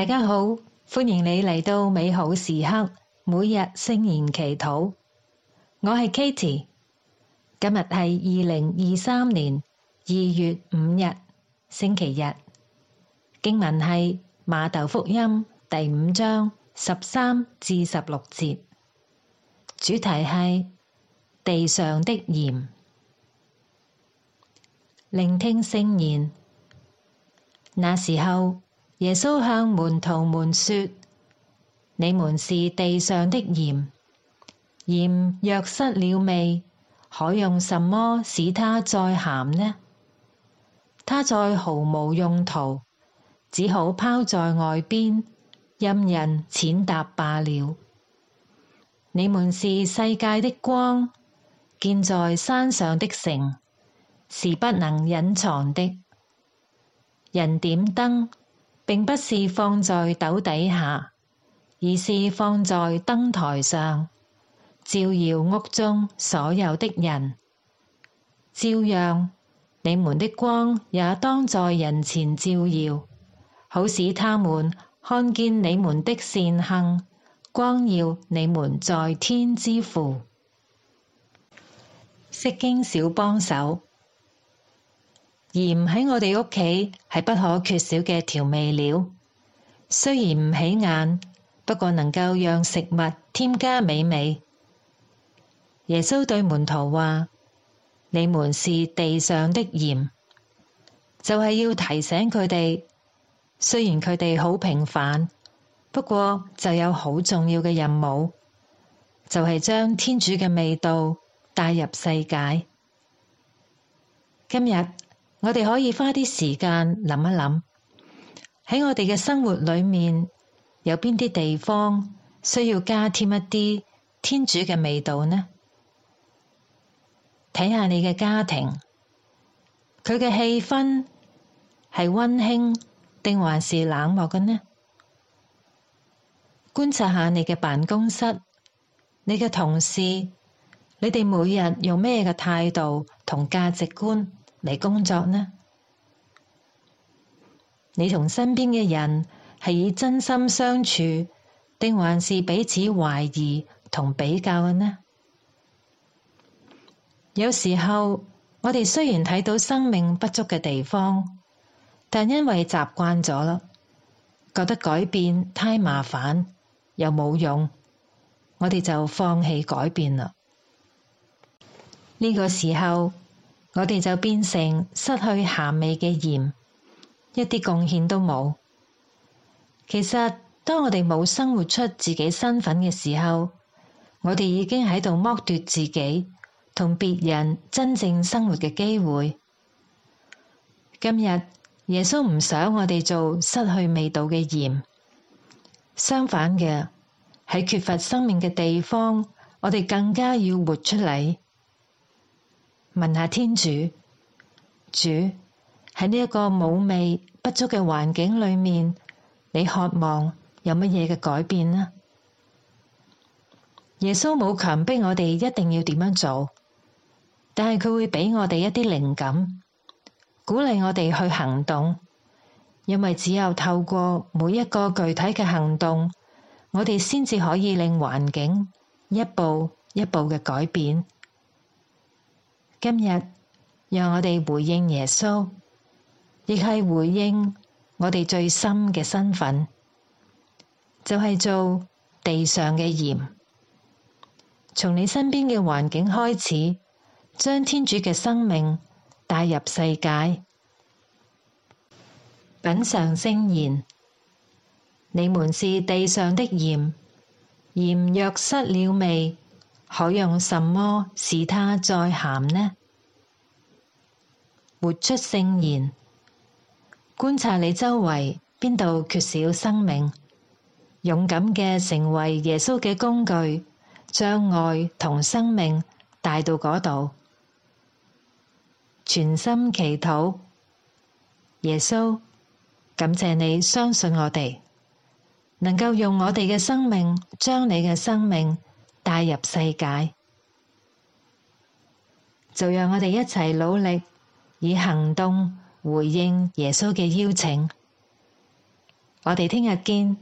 大家好，歡迎你嚟到美好時刻每日聖言祈禱，我係 Katie，今日係二零二三年二月五日星期日，經文係馬竇福音第五章十三至十六節，主題係地上的鹽，聆聽聖言，那時候。耶穌向門徒們說：你們是地上的鹽，鹽若失了味，可用什麼使它再鹹呢？它再毫無用途，只好拋在外邊，任人踐踏罷了。你們是世界的光，建在山上的城，是不能隱藏的。人點燈。並不是放在斗底下，而是放在燈台上，照耀屋中所有的人。照樣，你們的光也當在人前照耀，好使他們看見你們的善行，光耀你們在天之父。釋經小幫手。鹽喺我哋屋企係不可缺少嘅調味料，雖然唔起眼，不過能夠讓食物添加美味。耶穌對門徒話：「你們是地上的鹽，就係要提醒佢哋，雖然佢哋好平凡，不過就有好重要嘅任務，就係將天主嘅味道帶入世界。今日，我哋可以花啲時間諗一諗，喺我哋嘅生活裏面，有邊啲地方需要加添一啲天主嘅味道呢？睇下你嘅家庭，佢嘅氣氛係温馨定還是冷漠嘅呢？觀察下你嘅辦公室，你嘅同事，你哋每日用咩嘅態度同價值觀？嚟工作呢？你同身邊嘅人係以真心相處，定還是彼此懷疑同比較嘅呢？有時候我哋雖然睇到生命不足嘅地方，但因為習慣咗啦，覺得改變太麻煩又冇用，我哋就放棄改變啦。呢個時候，我哋就變成失去鹹味嘅鹽，一啲貢獻都冇。其實，當我哋冇生活出自己身份嘅時候，我哋已經喺度剝奪自己同別人真正生活嘅機會。今日耶穌唔想我哋做失去味道嘅鹽，相反嘅，喺缺乏生命嘅地方，我哋更加要活出嚟。問下天主，主，喺呢一個冇味不足嘅環境裏面，你渴望有乜嘢嘅改變呢？耶穌冇強迫我哋一定要點樣做，但係佢會畀我哋一啲靈感，鼓勵我哋去行動，因為只有透過每一個具體嘅行動，我哋先至可以令環境一步一步嘅改變。今日讓我哋回應耶穌，亦係回應我哋最深嘅身份，就係、是、做地上嘅鹽。從你身邊嘅環境開始，將天主嘅生命帶入世界，品嘗聖言。你們是地上的鹽，鹽若失了味。可用什麼使它再鹹呢？活出聖言，觀察你周圍邊度缺少生命，勇敢嘅成為耶穌嘅工具，將愛同生命帶到嗰度，全心祈禱。耶穌，感謝你相信我哋，能夠用我哋嘅生命將你嘅生命。帶入世界，就讓我哋一齊努力，以行動回應耶穌嘅邀請。我哋聽日見。